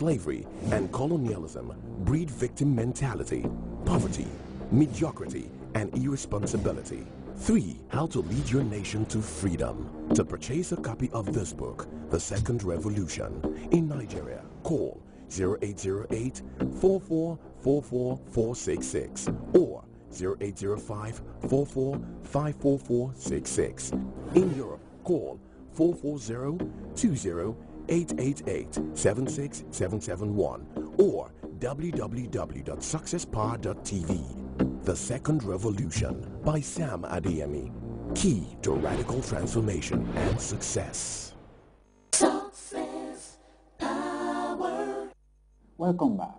Slavery and colonialism breed victim mentality, poverty, mediocrity, and irresponsibility. 3. How to lead your nation to freedom. To purchase a copy of this book, The Second Revolution, in Nigeria, call 0808 4444466 or 0805 4454466. In Europe, call 440 20 888-76771 or www.successpower.tv. The Second Revolution by Sam Adeyemi. Key to radical transformation and success. Success Power. Welcome back.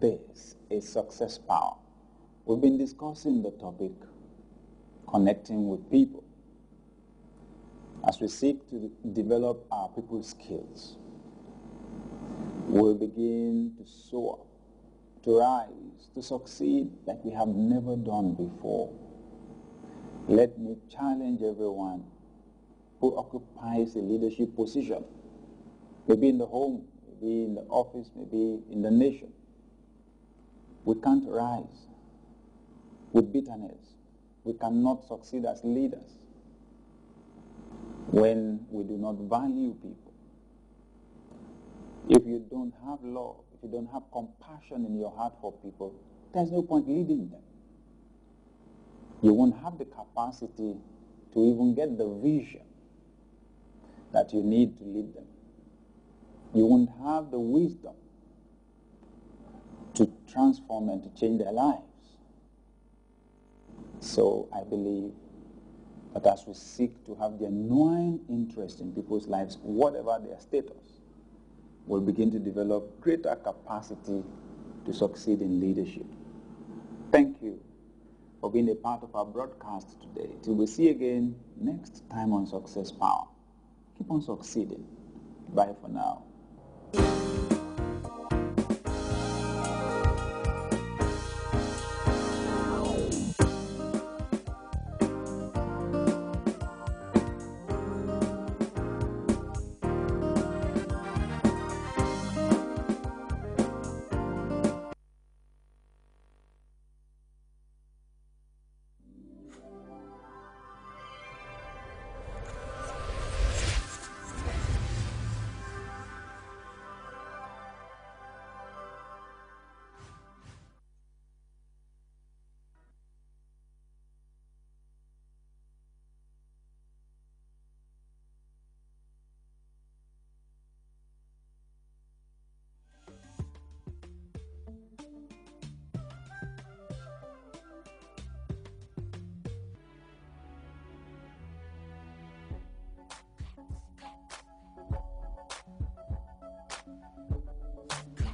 This is Success Power. We've been discussing the topic connecting with people. As we seek to develop our people's skills, we'll begin to soar, to rise, to succeed like we have never done before. Let me challenge everyone who occupies a leadership position, maybe in the home, maybe in the office, maybe in the nation. We can't rise with bitterness. We cannot succeed as leaders when we do not value people, if you don't have love, if you don't have compassion in your heart for people, there's no point leading them. You won't have the capacity to even get the vision that you need to lead them. You won't have the wisdom to transform and to change their lives. So I believe but as we seek to have genuine interest in people's lives, whatever their status, we'll begin to develop greater capacity to succeed in leadership. Thank you for being a part of our broadcast today. Till we see again next time on Success Power. Keep on succeeding. Bye for now.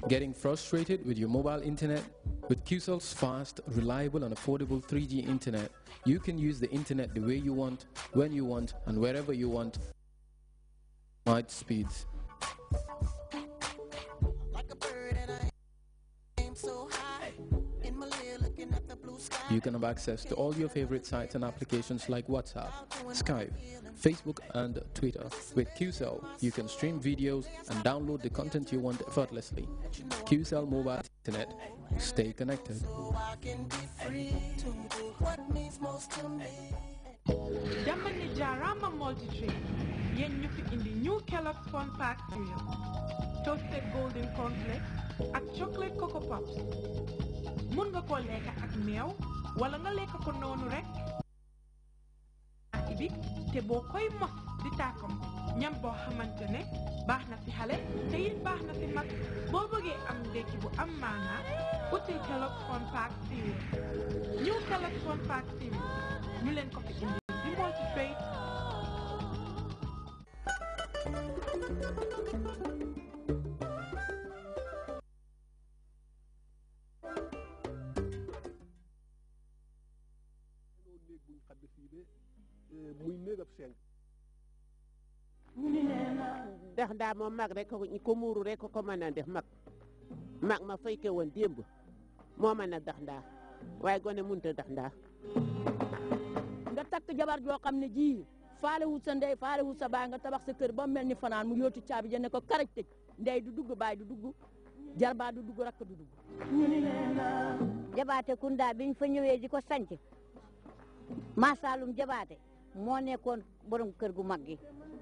Getting frustrated with your mobile internet? With QCell's fast, reliable and affordable 3G internet, you can use the internet the way you want, when you want and wherever you want. Wide speeds. You can have access to all your favorite sites and applications like WhatsApp, Skype, Facebook, and Twitter. With QCell, you can stream videos and download the content you want effortlessly. QCell Mobile Internet. Stay connected. Yamani Jarama Multi Multitrain, Yenyufi in the new Kellogg's Fun Pack cereal, toasted golden cornflakes, and chocolate cocoa pops. Mun nga ko lekk ak meew wala nga lekk ko noonu rek bi te boo koy mos di tàkkam ñam boo xamante ne baax na fi xale te it baax na fi mag boo bëggee am ndekki bu am maanaa util Kellogg's Fun Pack cereal ñëw Kellogg's Fun Pack ñu leen ko fi indi di moo ci muy néeg ab seng ndax ndaa moom mag rek ko muuru rek ko mën a def mag mag ma fay ke woon démb moo mën a dax ndaa waaye gone mënut a dax nga takk jabar joo xam ne ji faalewut sa ndey faalewut sa baay nga tabax sa kër ba mel ni fanaan mu yóotu caabi ja ko karaj tëj ndey du dugg baay du dugg jarbaa du dugg rakk du dugg jabaate kunda biñ fa ñëwee di ko sanc masalum jabaate moo nekkoon borom kër gu mag gi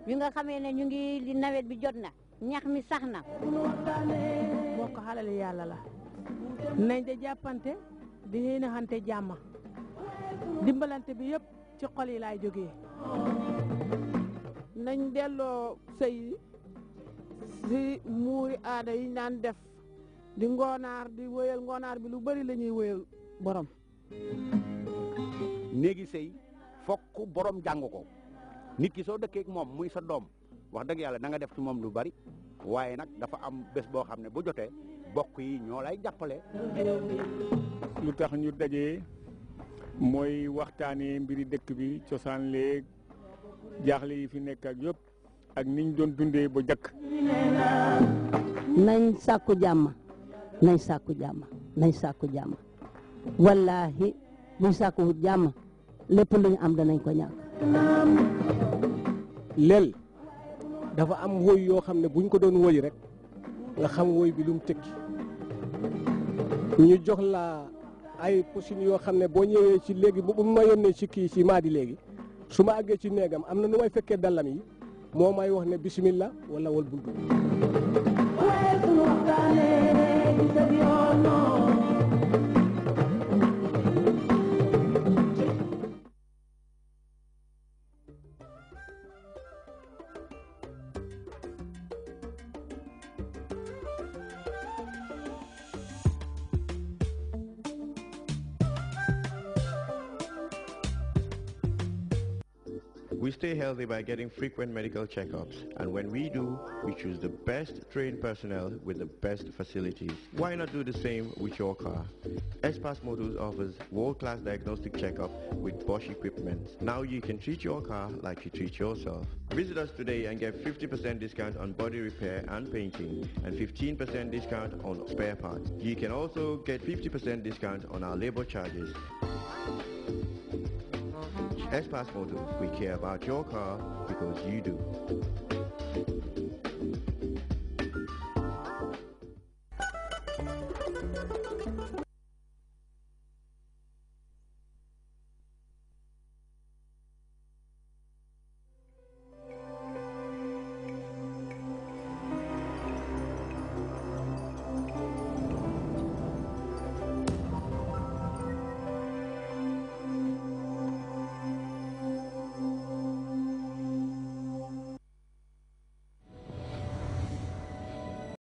bi nga xamee ne ñu ngi li nawet bi jot na ñax mi sax na boo ko xalal yàlla la nañ de jàppante di yéenaxante jàmma dimbalante bi yépp ci xol yi laay jógee nañ delloo sëy si muuri aada yi naan def di ngoonaar di wéyal ngoonaar bi lu bari la ñuy wéyal borom néegi sëy fokk borom jàng ko nit ki soo dëkkee moom muy sa doom wax dëgg yàlla na def ti moom lu bari waaye nag dafa am bés boo xam ne bu jotee bokk yi ñoo lay jàppale. lu tax ñu dajee mooy waxtaanee mbiri dëkk bi cosaan léeg jaaxle yi fi nekk ak yëpp ak niñ doon dundee ba jëkk nañ sàkku jàmm nañ sàkku jàmm nañ sàkku jàmm wallaahi jàmm lépp lu ñu am danañ ko ñàkk lel dafa am woy yoo xam ne buñ ko doon woy rek nga xam woy bi lu mu tekki ñu jox la ay pochine yoo xam ne boo ñëwee ci léegi bu ma ne ci kii ci maadi léegi su ma àggee ci néegam am na nu may fekkee dallam yi moo may wax ne bismillah wala wal buntu We stay healthy by getting frequent medical checkups, and when we do, we choose the best trained personnel with the best facilities. Why not do the same with your car? S-Pass Motors offers world-class diagnostic checkup with Bosch equipment. Now you can treat your car like you treat yourself. Visit us today and get 50% discount on body repair and painting, and 15% discount on spare parts. You can also get 50% discount on our labor charges. As Pass we care about your car because you do.